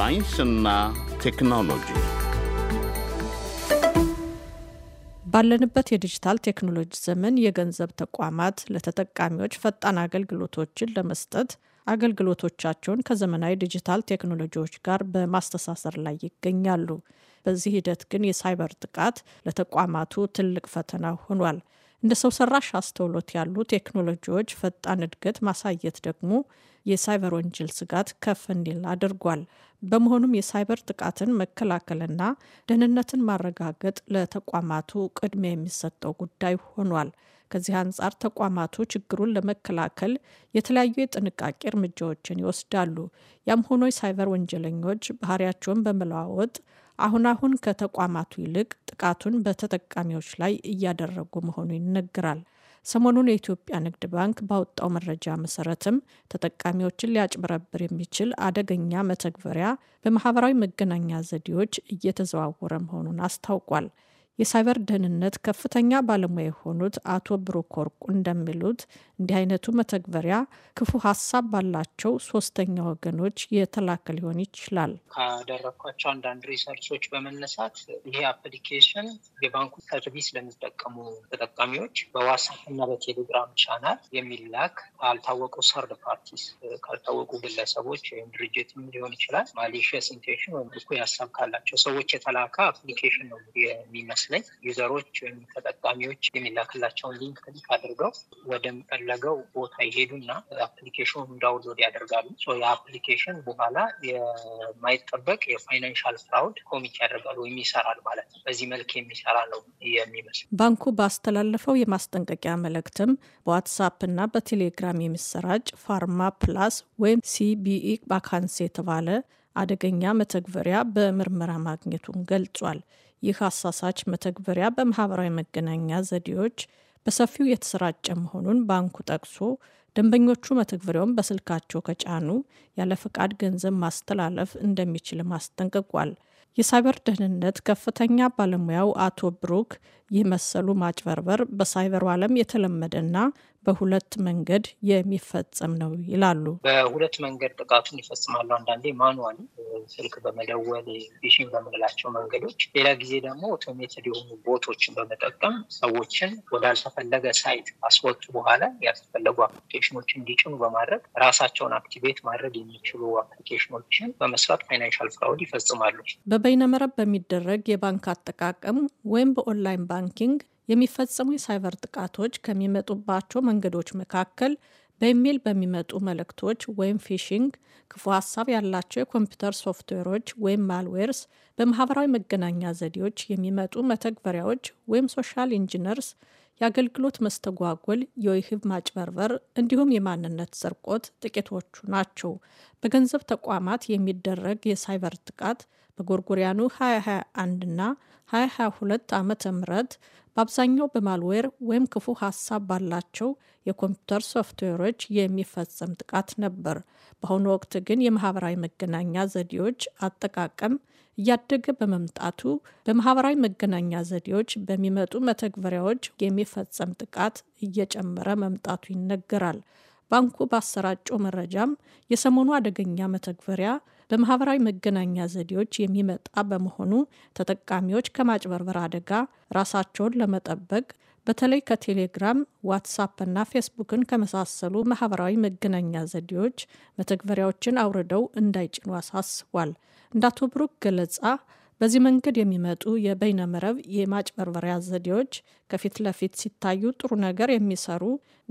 ሳይንስና ቴክኖሎጂ ባለንበት የዲጂታል ቴክኖሎጂ ዘመን የገንዘብ ተቋማት ለተጠቃሚዎች ፈጣን አገልግሎቶችን ለመስጠት አገልግሎቶቻቸውን ከዘመናዊ ዲጂታል ቴክኖሎጂዎች ጋር በማስተሳሰር ላይ ይገኛሉ። በዚህ ሂደት ግን የሳይበር ጥቃት ለተቋማቱ ትልቅ ፈተና ሆኗል። እንደ ሰው ሰራሽ አስተውሎት ያሉ ቴክኖሎጂዎች ፈጣን እድገት ማሳየት ደግሞ የሳይበር ወንጀል ስጋት ከፍ እንዲል አድርጓል። በመሆኑም የሳይበር ጥቃትን መከላከልና ደህንነትን ማረጋገጥ ለተቋማቱ ቅድሚያ የሚሰጠው ጉዳይ ሆኗል። ከዚህ አንጻር ተቋማቱ ችግሩን ለመከላከል የተለያዩ የጥንቃቄ እርምጃዎችን ይወስዳሉ። ያም ሆኖ የሳይበር ወንጀለኞች ባህሪያቸውን በመለዋወጥ አሁን አሁን ከተቋማቱ ይልቅ ጥቃቱን በተጠቃሚዎች ላይ እያደረጉ መሆኑ ይነገራል። ሰሞኑን የኢትዮጵያ ንግድ ባንክ ባወጣው መረጃ መሰረትም ተጠቃሚዎችን ሊያጭበረብር የሚችል አደገኛ መተግበሪያ በማህበራዊ መገናኛ ዘዴዎች እየተዘዋወረ መሆኑን አስታውቋል። የሳይበር ደህንነት ከፍተኛ ባለሙያ የሆኑት አቶ ብሩክ ወርቁ እንደሚሉት እንዲህ አይነቱ መተግበሪያ ክፉ ሀሳብ ባላቸው ሶስተኛ ወገኖች የተላከ ሊሆን ይችላል። ካደረግኳቸው አንዳንድ ሪሰርቾች በመነሳት ይሄ አፕሊኬሽን የባንኩ ሰርቪስ ለሚጠቀሙ ተጠቃሚዎች በዋትሳፕ እና በቴሌግራም ቻናል የሚላክ ካልታወቁ ሰርድ ፓርቲስ ካልታወቁ ግለሰቦች ወይም ድርጅትም ሊሆን ይችላል ማሌሽየስ ኢንቴንሽን ወይም እኩይ ሀሳብ ካላቸው ሰዎች የተላከ አፕሊኬሽን ነው የሚመስል ላይ ዩዘሮች ወይም ተጠቃሚዎች የሚላክላቸውን ሊንክ ክሊክ አድርገው ወደሚፈለገው ቦታ ይሄዱና አፕሊኬሽኑን ዳውንሎድ ያደርጋሉ። የአፕሊኬሽን በኋላ የማይጠበቅ የፋይናንሻል ፍራውድ ኮሚት ያደርጋሉ ወይም ይሰራል ማለት ነው። በዚህ መልክ የሚሰራ ነው የሚመስል። ባንኩ ባስተላለፈው የማስጠንቀቂያ መልእክትም በዋትሳፕ እና በቴሌግራም የሚሰራጭ ፋርማ ፕላስ ወይም ሲቢኢ ባካንስ የተባለ አደገኛ መተግበሪያ በምርመራ ማግኘቱን ገልጿል። ይህ አሳሳች መተግበሪያ በማህበራዊ መገናኛ ዘዴዎች በሰፊው የተሰራጨ መሆኑን ባንኩ ጠቅሶ ደንበኞቹ መተግበሪያውን በስልካቸው ከጫኑ ያለ ፈቃድ ገንዘብ ማስተላለፍ እንደሚችልም አስጠንቅቋል። የሳይበር ደህንነት ከፍተኛ ባለሙያው አቶ ብሩክ ይህ መሰሉ ማጭበርበር በሳይበሩ ዓለም የተለመደና በሁለት መንገድ የሚፈጸም ነው ይላሉ። በሁለት መንገድ ጥቃቱን ይፈጽማሉ። አንዳንዴ ማኑዋል ስልክ በመደወል ፊሽንግ በምንላቸው መንገዶች፣ ሌላ ጊዜ ደግሞ ኦቶሜትድ የሆኑ ቦቶችን በመጠቀም ሰዎችን ወዳልተፈለገ ሳይት አስወጡ በኋላ ያልተፈለጉ አፕሊኬሽኖች እንዲጭኑ በማድረግ ራሳቸውን አክቲቬት ማድረግ የሚችሉ አፕሊኬሽኖችን በመስራት ፋይናንሻል ፍራውድ ይፈጽማሉ። በበይነመረብ በሚደረግ የባንክ አጠቃቀም ወይም በኦንላይን ባ ባንኪንግ የሚፈጸሙ የሳይበር ጥቃቶች ከሚመጡባቸው መንገዶች መካከል በኢሜይል በሚመጡ መልእክቶች ወይም ፊሽንግ፣ ክፉ ሀሳብ ያላቸው የኮምፒውተር ሶፍትዌሮች ወይም ማልዌርስ፣ በማህበራዊ መገናኛ ዘዴዎች የሚመጡ መተግበሪያዎች ወይም ሶሻል ኢንጂነርስ፣ የአገልግሎት መስተጓጎል፣ የወይህብ ማጭበርበር እንዲሁም የማንነት ስርቆት ጥቂቶቹ ናቸው። በገንዘብ ተቋማት የሚደረግ የሳይበር ጥቃት በጎርጎሪያኑ 2021 እና 2022 ዓ ም በአብዛኛው በማልዌር ወይም ክፉ ሀሳብ ባላቸው የኮምፒውተር ሶፍትዌሮች የሚፈጸም ጥቃት ነበር። በአሁኑ ወቅት ግን የማህበራዊ መገናኛ ዘዴዎች አጠቃቀም እያደገ በመምጣቱ በማህበራዊ መገናኛ ዘዴዎች በሚመጡ መተግበሪያዎች የሚፈጸም ጥቃት እየጨመረ መምጣቱ ይነገራል። ባንኩ ባሰራጨው መረጃም የሰሞኑ አደገኛ መተግበሪያ በማህበራዊ መገናኛ ዘዴዎች የሚመጣ በመሆኑ ተጠቃሚዎች ከማጭበርበር አደጋ ራሳቸውን ለመጠበቅ በተለይ ከቴሌግራም፣ ዋትሳፕ እና ፌስቡክን ከመሳሰሉ ማህበራዊ መገናኛ ዘዴዎች መተግበሪያዎችን አውርደው እንዳይጭኑ አሳስቧል። እንደ አቶ ብሩክ ገለጻ በዚህ መንገድ የሚመጡ የበይነመረብ የማጭበርበሪያ ዘዴዎች ከፊት ለፊት ሲታዩ ጥሩ ነገር የሚሰሩ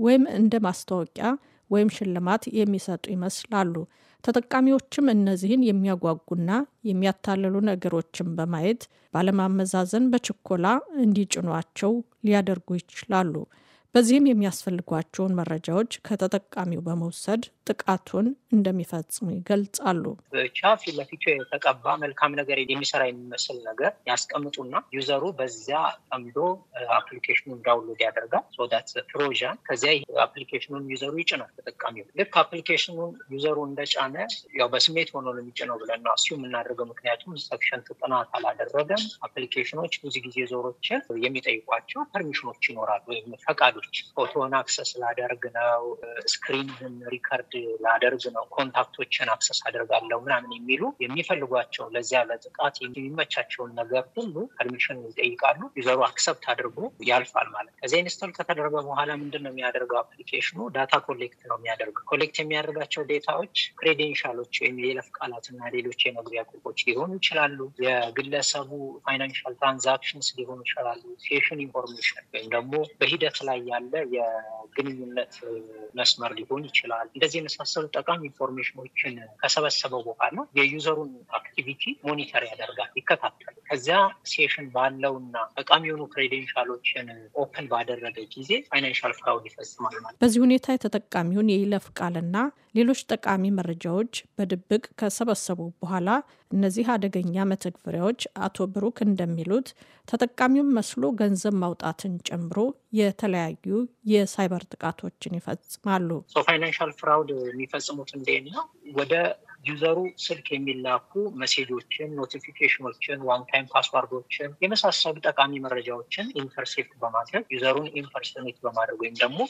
ወይም እንደ ማስታወቂያ ወይም ሽልማት የሚሰጡ ይመስላሉ። ተጠቃሚዎችም እነዚህን የሚያጓጉና የሚያታልሉ ነገሮችን በማየት ባለማመዛዘን በችኮላ እንዲጭኗቸው ሊያደርጉ ይችላሉ። በዚህም የሚያስፈልጓቸውን መረጃዎች ከተጠቃሚው በመውሰድ ጥቃቱን እንደሚፈጽሙ ይገልጻሉ። ብቻ ፊት ለፊቱ የተቀባ መልካም ነገር የሚሰራ የሚመስል ነገር ያስቀምጡና ዩዘሩ በዚያ ጠምዶ አፕሊኬሽኑን ዳውንሎድ ያደርጋል። ሶዳት ፕሮዣን ከዚያ አፕሊኬሽኑን ዩዘሩ ይጭናል። ተጠቃሚው ልክ አፕሊኬሽኑን ዩዘሩ እንደጫነ ያው በስሜት ሆኖ ነው የሚጭነው ብለን ነው እሱ የምናደርገው። ምክንያቱም ሰክሽን ጥናት አላደረገም። አፕሊኬሽኖች ብዙ ጊዜ ዞሮችን የሚጠይቋቸው ፐርሚሽኖች ይኖራሉ ወይም ፈቃዱ ሌሎች ፎቶን አክሰስ ላደርግ ነው፣ ስክሪንህን ሪከርድ ላደርግ ነው፣ ኮንታክቶችን አክሰስ አደርጋለሁ ምናምን የሚሉ የሚፈልጓቸው ለዚያ ለጥቃት የሚመቻቸውን ነገር ሁሉ ፐርሚሽን ይጠይቃሉ። ዩዘሩ አክሰፕት አድርጎ ያልፋል ማለት ነው። ከዚያ ኢንስቶል ከተደረገ በኋላ ምንድን ነው የሚያደርገው? አፕሊኬሽኑ ዳታ ኮሌክት ነው የሚያደርገው። ኮሌክት የሚያደርጋቸው ዴታዎች ክሬዴንሻሎች ወይም የይለፍ እና ሌሎች የመግቢያ ቁልፎች ሊሆኑ ይችላሉ። የግለሰቡ ፋይናንሻል ትራንዛክሽንስ ሊሆኑ ይችላሉ። ሴሽን ኢንፎርሜሽን ወይም ደግሞ በሂደት ላይ ያለ የግንኙነት መስመር ሊሆን ይችላል። እንደዚህ የመሳሰሉ ጠቃሚ ኢንፎርሜሽኖችን ከሰበሰበው በኋላ የዩዘሩን አክቲቪቲ ሞኒተር ያደርጋል፣ ይከታተል ከዚያ ሴሽን ባለውና በጣም የሆኑ ክሬዴንሻሎችን ኦፕን ባደረገ ጊዜ ፋይናንሻል ፍራውድ ይፈጽማል ማለት። በዚህ ሁኔታ የተጠቃሚውን የይለፍ ቃልና ሌሎች ጠቃሚ መረጃዎች በድብቅ ከሰበሰቡ በኋላ እነዚህ አደገኛ መተግበሪያዎች አቶ ብሩክ እንደሚሉት ተጠቃሚውን መስሎ ገንዘብ ማውጣትን ጨምሮ የተለያዩ የሳይበር ጥቃቶችን ይፈጽማሉ። ፋይናንሻል ፍራውድ የሚፈጽሙት እንዴት ነው? ወደ ዩዘሩ ስልክ የሚላኩ መሴጆችን ኖቲፊኬሽኖችን፣ ዋንታይም ፓስዋርዶችን የመሳሰሉ ጠቃሚ መረጃዎችን ኢንተርሴፕት በማድረግ ዩዘሩን ኢምፐርሶኔት በማድረግ ወይም ደግሞ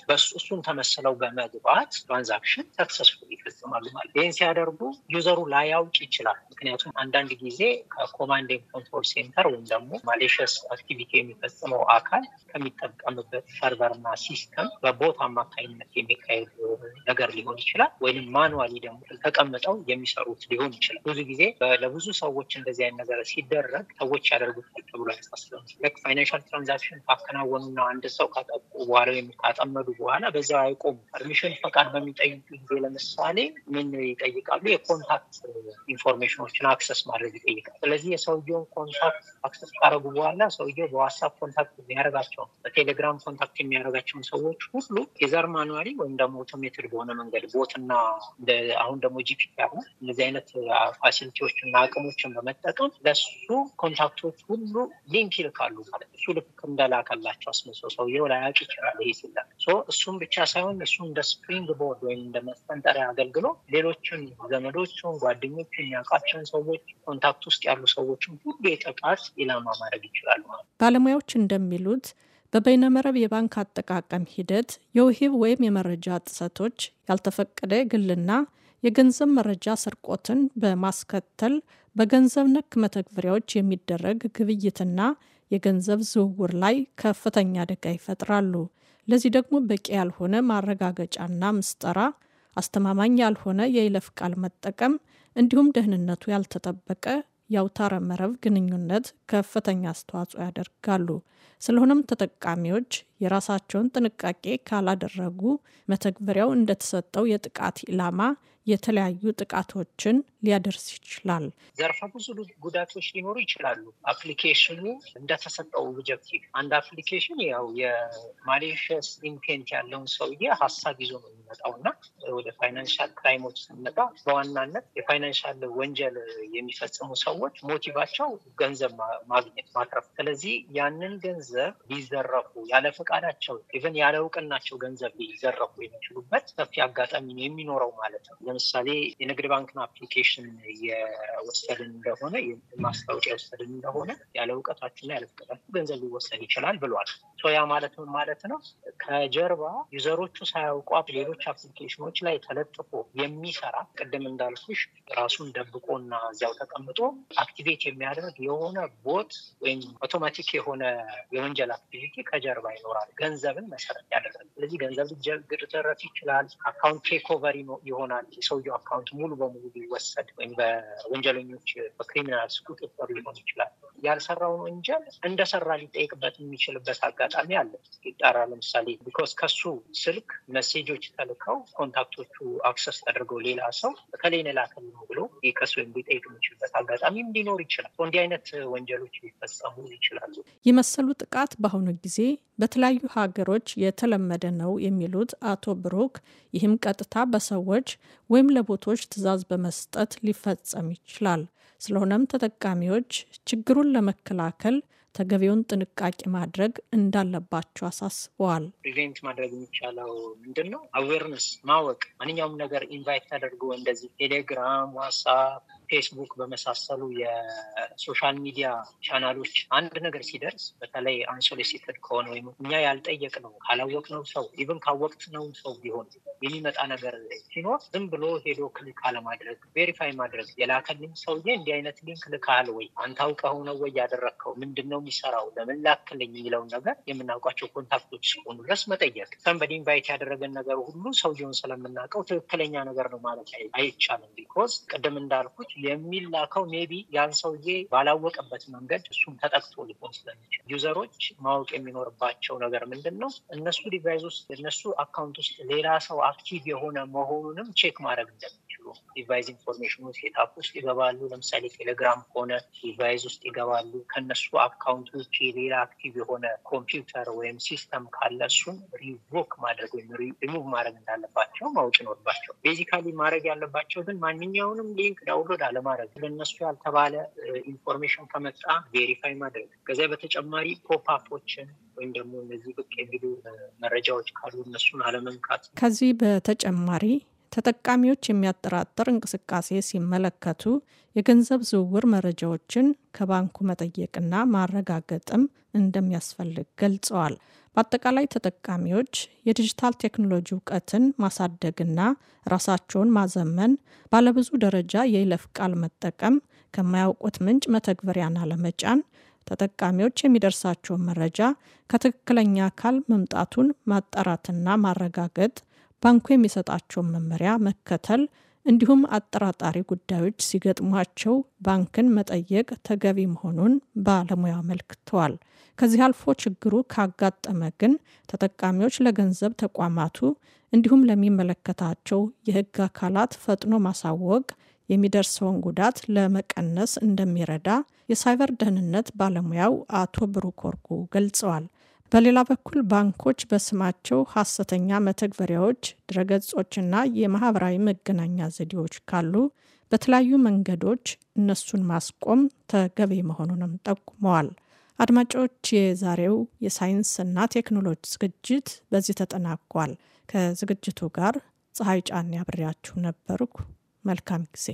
እሱን ተመስለው በመግባት ትራንዛክሽን ሰክሰስፉል ይፈጽማሉ ማለት። ይህን ሲያደርጉ ዩዘሩ ላያውቅ ይችላል። ምክንያቱም አንዳንድ ጊዜ ከኮማንድ ኮንትሮል ሴንተር ወይም ደግሞ ማሌሽስ አክቲቪቲ የሚፈጽመው አካል ከሚጠቀምበት ሰርቨርና ሲስተም በቦት አማካኝነት የሚካሄድ ነገር ሊሆን ይችላል ወይም ማኑዋሊ ደግሞ ተቀምጠው የሚሰሩት ሊሆን ይችላል። ብዙ ጊዜ ለብዙ ሰዎች እንደዚህ አይነት ነገር ሲደረግ ሰዎች ያደርጉታል ተብሎ አያሳስብም። ፋይናንሻል ትራንዛክሽን ካከናወኑና አንድ ሰው ካጠቁ በኋላ ወይም ካጠመዱ በኋላ በዛው አይቆሙ። ፐርሚሽን ፈቃድ በሚጠይቁ ጊዜ ለምሳሌ ምን ይጠይቃሉ? የኮንታክት ኢንፎርሜሽኖችን አክሰስ ማድረግ ይጠይቃል። ስለዚህ የሰውየውን ኮንታክት አክሰስ ካደረጉ በኋላ ሰውየው በዋትሳፕ ኮንታክት የሚያደርጋቸው በቴሌግራም ኮንታክት የሚያደርጋቸውን ሰዎች ሁሉ የዘር ማኑዋሊ ወይም ደግሞ ኦቶሜትድ በሆነ መንገድ ቦትና አሁን ደግሞ ጂፒ ያሁን እንደዚህ አይነት ፋሲሊቲዎችና አቅሞችን በመጠቀም ለሱ ኮንታክቶች ሁሉ ሊንክ ይልካሉ ማለት እሱ ልክ እንደላከላቸው አስመስሎ ሰውየው ላያውቅ ይችላል። ይሄ ሲላክ እሱም ብቻ ሳይሆን እሱ እንደ ስፕሪንግ ቦርድ ወይም እንደ መስፈንጠሪያ አገልግሎ ሌሎችን ዘመዶችን፣ ጓደኞችን፣ የሚያውቃቸውን ሰዎች ኮንታክት ውስጥ ያሉ ሰዎችን ሁሉ የጥቃት ኢላማ ማድረግ ይችላሉ ማለት ባለሙያዎች እንደሚሉት በበይነመረብ የባንክ አጠቃቀም ሂደት የውሂብ ወይም የመረጃ ጥሰቶች፣ ያልተፈቀደ ግልና የገንዘብ መረጃ ስርቆትን በማስከተል በገንዘብ ነክ መተግበሪያዎች የሚደረግ ግብይትና የገንዘብ ዝውውር ላይ ከፍተኛ አደጋ ይፈጥራሉ። ለዚህ ደግሞ በቂ ያልሆነ ማረጋገጫና ምስጠራ፣ አስተማማኝ ያልሆነ የይለፍ ቃል መጠቀም እንዲሁም ደህንነቱ ያልተጠበቀ የአውታረ መረብ ግንኙነት ከፍተኛ አስተዋጽኦ ያደርጋሉ። ስለሆነም ተጠቃሚዎች የራሳቸውን ጥንቃቄ ካላደረጉ መተግበሪያው እንደተሰጠው የጥቃት ኢላማ የተለያዩ ጥቃቶችን ሊያደርስ ይችላል። ዘርፈ ብዙ ጉዳቶች ሊኖሩ ይችላሉ። አፕሊኬሽኑ እንደተሰጠው ኦብጀክቲቭ አንድ አፕሊኬሽን ያው የማሌሽስ ኢንቴንት ያለውን ሰውዬ ሀሳብ ይዞ ነው የሚመጣው እና ወደ ፋይናንሻል ክራይሞች ስንመጣ በዋናነት የፋይናንሻል ወንጀል የሚፈጽሙ ሰዎች ሞቲቫቸው ገንዘብ ማግኘት ማትረፍ፣ ስለዚህ ያንን ገንዘብ ሊዘረፉ ያለ ፈቃዳቸው ኢቨን ያለ እውቅናቸው ገንዘብ ሊዘረፉ የሚችሉበት ሰፊ አጋጣሚ ነው የሚኖረው ማለት ነው። ለምሳሌ የንግድ ባንክን አፕሊኬሽን የወሰድን እንደሆነ ማስታወቂያ የወሰድን እንደሆነ ያለ እውቀታችሁና ያለ ፍቃዳችሁ ገንዘብ ሊወሰድ ይችላል ብሏል። ያ ማለት ምን ማለት ነው? ከጀርባ ዩዘሮቹ ሳያውቋት ሌሎች አፕሊኬሽኖች ላይ ተለጥፎ የሚሰራ ቅድም እንዳልኩሽ ራሱን ደብቆና እዚያው ተቀምጦ አክቲቬት የሚያደርግ የሆነ ቦት ወይም አውቶማቲክ የሆነ የወንጀል አክቲቪቲ ከጀርባ ይኖራል ይኖረዋል። ገንዘብን መሰረት ያደረገ ስለዚህ ገንዘብ ሊዘረፍ ይችላል። አካውንት ቴክኦቨር ይሆናል። የሰውየው አካውንት ሙሉ በሙሉ ሊወሰድ ወይም በወንጀለኞች በክሪሚናልስ ቁጥጥር ሊሆን ይችላል። ያልሰራውን ወንጀል እንደሰራ ሊጠይቅበት የሚችልበት አጋጣሚ አለ። ይጣራ ለምሳሌ ቢኮዝ ከሱ ስልክ መሴጆች ተልከው ኮንታክቶቹ አክሰስ ተደርገው ሌላ ሰው ከሌን ላከል ነው ብሎ ከሱ ሊጠይቅ የሚችልበት አጋጣሚም ሊኖር ይችላል። እንዲህ አይነት ወንጀሎች ሊፈጸሙ ይችላሉ። የመሰሉ ጥቃት በአሁኑ ጊዜ በተለያዩ ሀገሮች የተለመደ ነው የሚሉት አቶ ብሩክ፣ ይህም ቀጥታ በሰዎች ወይም ለቦቶች ትዕዛዝ በመስጠት ሊፈጸም ይችላል። ስለሆነም ተጠቃሚዎች ችግሩን ለመከላከል ተገቢውን ጥንቃቄ ማድረግ እንዳለባቸው አሳስበዋል። ፕሪቬንት ማድረግ የሚቻለው ምንድን ነው? አዌርነስ ማወቅ ማንኛውም ነገር ኢንቫይት ተደርጎ እንደዚህ ቴሌግራም፣ ዋትሳፕ ፌስቡክ በመሳሰሉ የሶሻል ሚዲያ ቻናሎች አንድ ነገር ሲደርስ በተለይ አንሶሊሲትድ ከሆነ ወይም እኛ ያልጠየቅ ነው ካላወቅ ነው ሰው ኢቭን ካወቅት ነው ሰው ቢሆን የሚመጣ ነገር ሲኖር ዝም ብሎ ሄዶ ክሊክ አለማድረግ፣ ቬሪፋይ ማድረግ የላከልኝ ሰውዬ እንዲህ አይነት ሊንክ ልካል ወይ አንተ አውቀው ወይ ያደረግከው ምንድን ነው የሚሰራው ለምን ላክልኝ የሚለውን ነገር የምናውቃቸው ኮንታክቶች ሲሆኑ ድረስ መጠየቅ ሰንበዲ ኢንቫይት ያደረገን ነገር ሁሉ ሰውየውን ስለምናውቀው ትክክለኛ ነገር ነው ማለት አይቻልም። ቢኮዝ ቅድም እንዳልኩት የሚላከው ሜቢ ያን ሰውዬ ባላወቀበት መንገድ እሱም ተጠቅቶ ሊሆን ስለሚችል ዩዘሮች ማወቅ የሚኖርባቸው ነገር ምንድን ነው? እነሱ ዲቫይስ ውስጥ እነሱ አካውንት ውስጥ ሌላ ሰው አክቲቭ የሆነ መሆኑንም ቼክ ማድረግ እንደሚ ይችላሉ። ዲቫይዝ ኢንፎርሜሽን ውስጥ የታፕ ውስጥ ይገባሉ። ለምሳሌ ቴሌግራም ከሆነ ዲቫይዝ ውስጥ ይገባሉ። ከነሱ አካውንት ውጭ ሌላ አክቲቭ የሆነ ኮምፒውተር ወይም ሲስተም ካለ እሱን ሪቮክ ማድረግ ወይም ሪሙቭ ማድረግ እንዳለባቸው ማወቅ ይኖርባቸው። ቤዚካሊ ማድረግ ያለባቸው ግን ማንኛውንም ሊንክ ዳውንሎድ አለማድረግ፣ ለእነሱ ያልተባለ ኢንፎርሜሽን ከመጣ ቬሪፋይ ማድረግ። ከዚያ በተጨማሪ ፖፓፖችን ወይም ደግሞ እነዚህ ብቅ የሚሉ መረጃዎች ካሉ እነሱን አለመንካት። ከዚህ በተጨማሪ ተጠቃሚዎች የሚያጠራጥር እንቅስቃሴ ሲመለከቱ የገንዘብ ዝውውር መረጃዎችን ከባንኩ መጠየቅና ማረጋገጥም እንደሚያስፈልግ ገልጸዋል። በአጠቃላይ ተጠቃሚዎች የዲጂታል ቴክኖሎጂ እውቀትን ማሳደግና ራሳቸውን ማዘመን፣ ባለብዙ ደረጃ የይለፍ ቃል መጠቀም፣ ከማያውቁት ምንጭ መተግበሪያን አለመጫን፣ ተጠቃሚዎች የሚደርሳቸውን መረጃ ከትክክለኛ አካል መምጣቱን ማጣራትና ማረጋገጥ ባንኩ የሚሰጣቸውን መመሪያ መከተል እንዲሁም አጠራጣሪ ጉዳዮች ሲገጥሟቸው ባንክን መጠየቅ ተገቢ መሆኑን ባለሙያ አመልክተዋል። ከዚህ አልፎ ችግሩ ካጋጠመ ግን ተጠቃሚዎች ለገንዘብ ተቋማቱ እንዲሁም ለሚመለከታቸው የሕግ አካላት ፈጥኖ ማሳወቅ የሚደርሰውን ጉዳት ለመቀነስ እንደሚረዳ የሳይበር ደህንነት ባለሙያው አቶ ብሩክ ወርቁ ገልጸዋል። በሌላ በኩል ባንኮች በስማቸው ሐሰተኛ መተግበሪያዎች፣ ድረገጾችና የማህበራዊ መገናኛ ዘዴዎች ካሉ በተለያዩ መንገዶች እነሱን ማስቆም ተገቢ መሆኑንም ጠቁመዋል። አድማጮች፣ የዛሬው የሳይንስና ቴክኖሎጂ ዝግጅት በዚህ ተጠናቋል። ከዝግጅቱ ጋር ፀሐይ ጫን ያብሬያችሁ ነበርኩ። መልካም ጊዜ